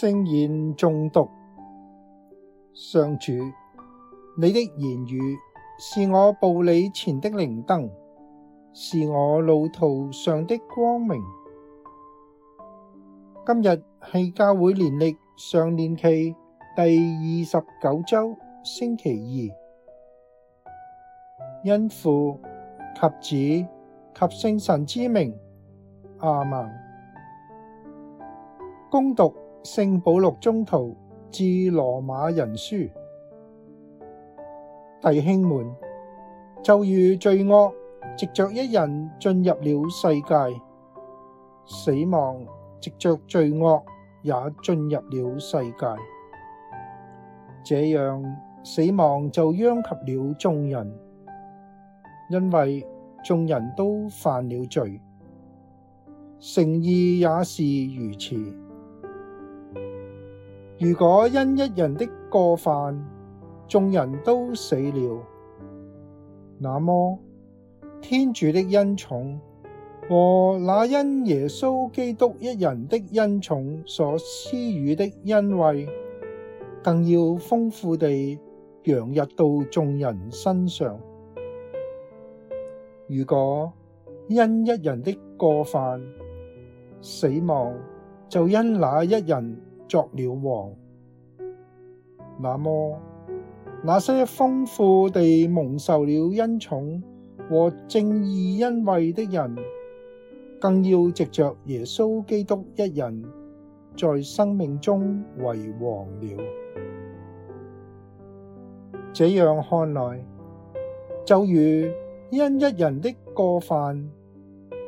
聖言誦讀，上主，你的言語是我步履前的靈燈，是我路途上的光明。今日係教會年曆常年期第二十九周星期二，因父及子及聖神之名，阿門。恭讀。聖保祿宗徒至羅馬人書：弟兄們，就如罪惡藉着一人進入了世界，死亡藉着罪惡也進入了世界，這樣死亡就殃及了眾人，因為眾人都犯了罪。成義也是如此。如果因一人的過犯，眾人都死了，那麼天主的恩寵和那因耶穌基督一人的恩寵所施與的恩惠，更要豐富地洋溢到眾人身上。如果因一人的過犯死亡，就因那一人。作了王，那麼那些豐富地蒙受了恩寵和正義恩惠的人，更要藉着耶穌基督一人在生命中為王了。這樣看來，就如因一人的過犯，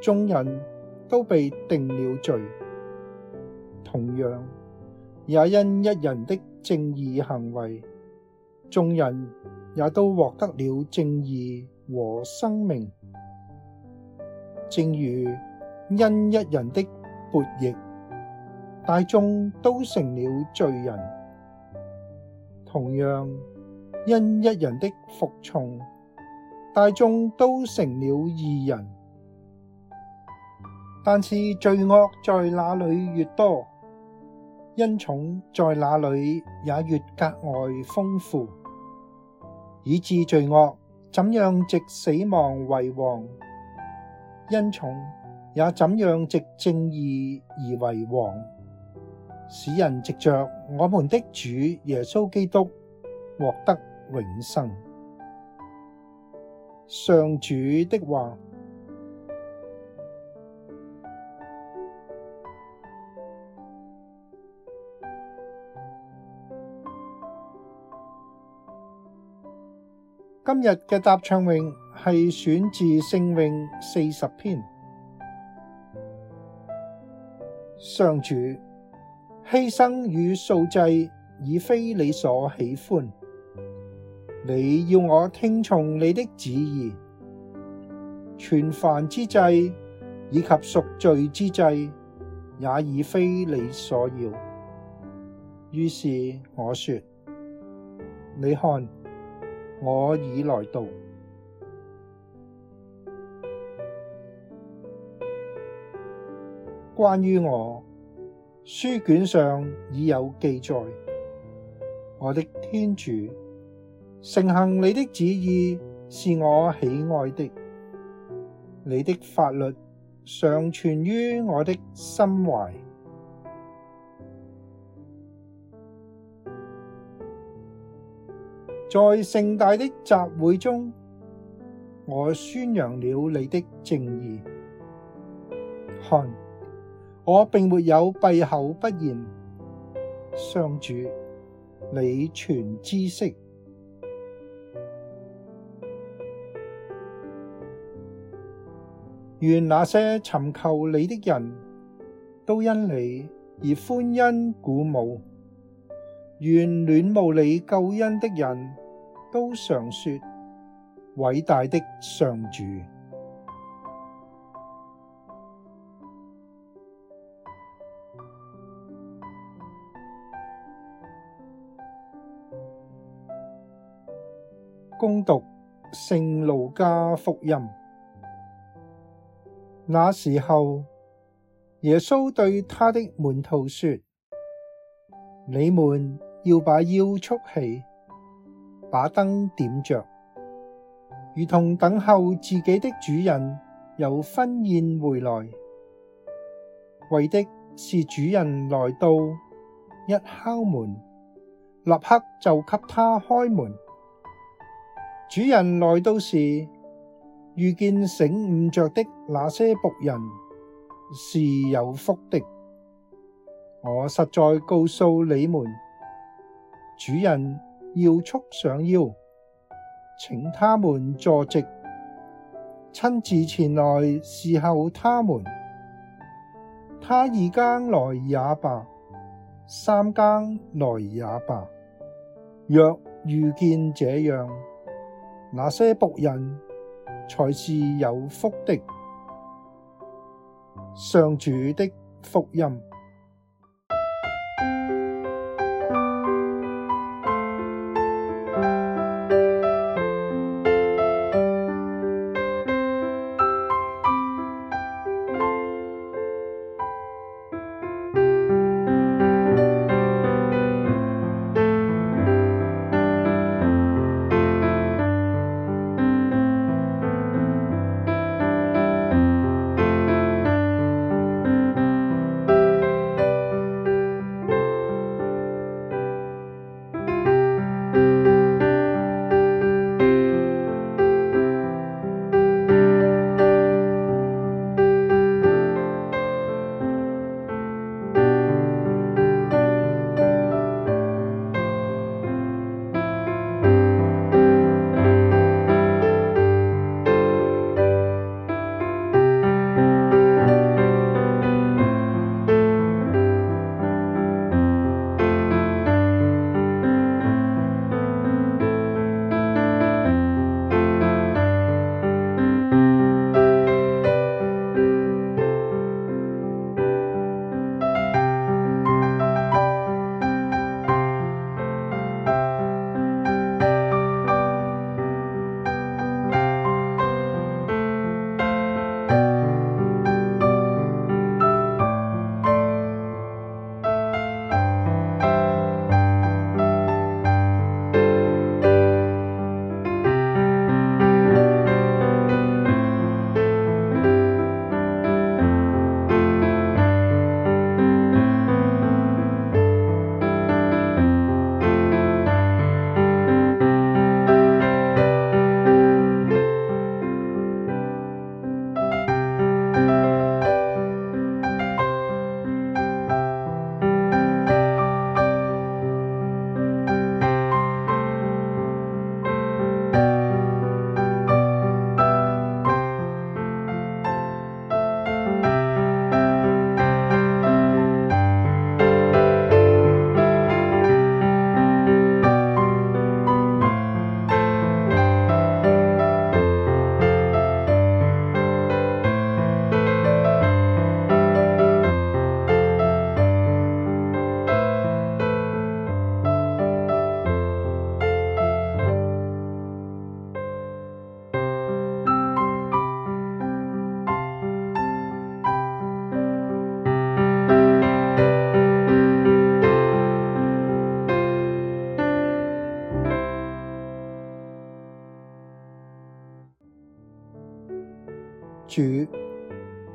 眾人都被定了罪，同樣。也因一人的正義行為，眾人也都獲得了正義和生命。正如因一人的悖逆，大眾都成了罪人；同樣，因一人的服從，大眾都成了義人。但是罪惡在那裏越多，恩寵在那裏，也越格外豐富，以致罪惡怎樣藉死亡為王，恩寵也怎樣藉正義而為王，使人藉著我們的主耶穌基督獲得永生。上主的話。今日嘅答唱詠係選自聖詠四十篇。上主犧牲與素祭，已非你所喜歡。你要我聽從你的旨意，全燔之祭以及贖罪之祭，也已非你所要。於是我說：你看。我已來到。關於我，書卷上已有記載。我的天主，承行你的旨意是我喜愛的。你的法律常存於我的心懷。在盛大的集會中，我宣揚了你的正義。看，我並沒有閉口不言，上主，你全知悉。願那些尋求你的人都因你而歡欣鼓舞。願戀慕你救恩的人，都常說偉大的上主。恭讀《聖路加福音》。那時候，耶穌對他的門徒說：你們要把腰束起。把燈點着，如同等候自己的主人由婚筵回來，為的是主人來到，一敲門，立刻就給他開門。主人來到時，遇見醒寤着的那些僕人，是有福的。我實在告訴你們，主人。要束上腰，請他們坐席，親自前來伺候他們。他二更來也罷，三更來也罷，若遇見這樣，那些僕人才是有福的！上主的福音。主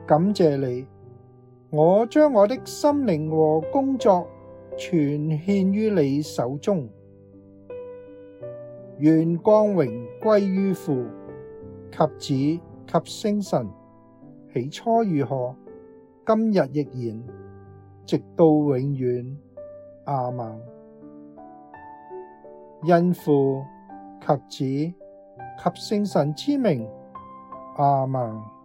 感謝你，我將我的心靈和工作全獻於你手中，願光榮歸於父及子及聖神，起初如何，今日亦然，直到永遠，阿們。因父及子及聖神之名，阿們。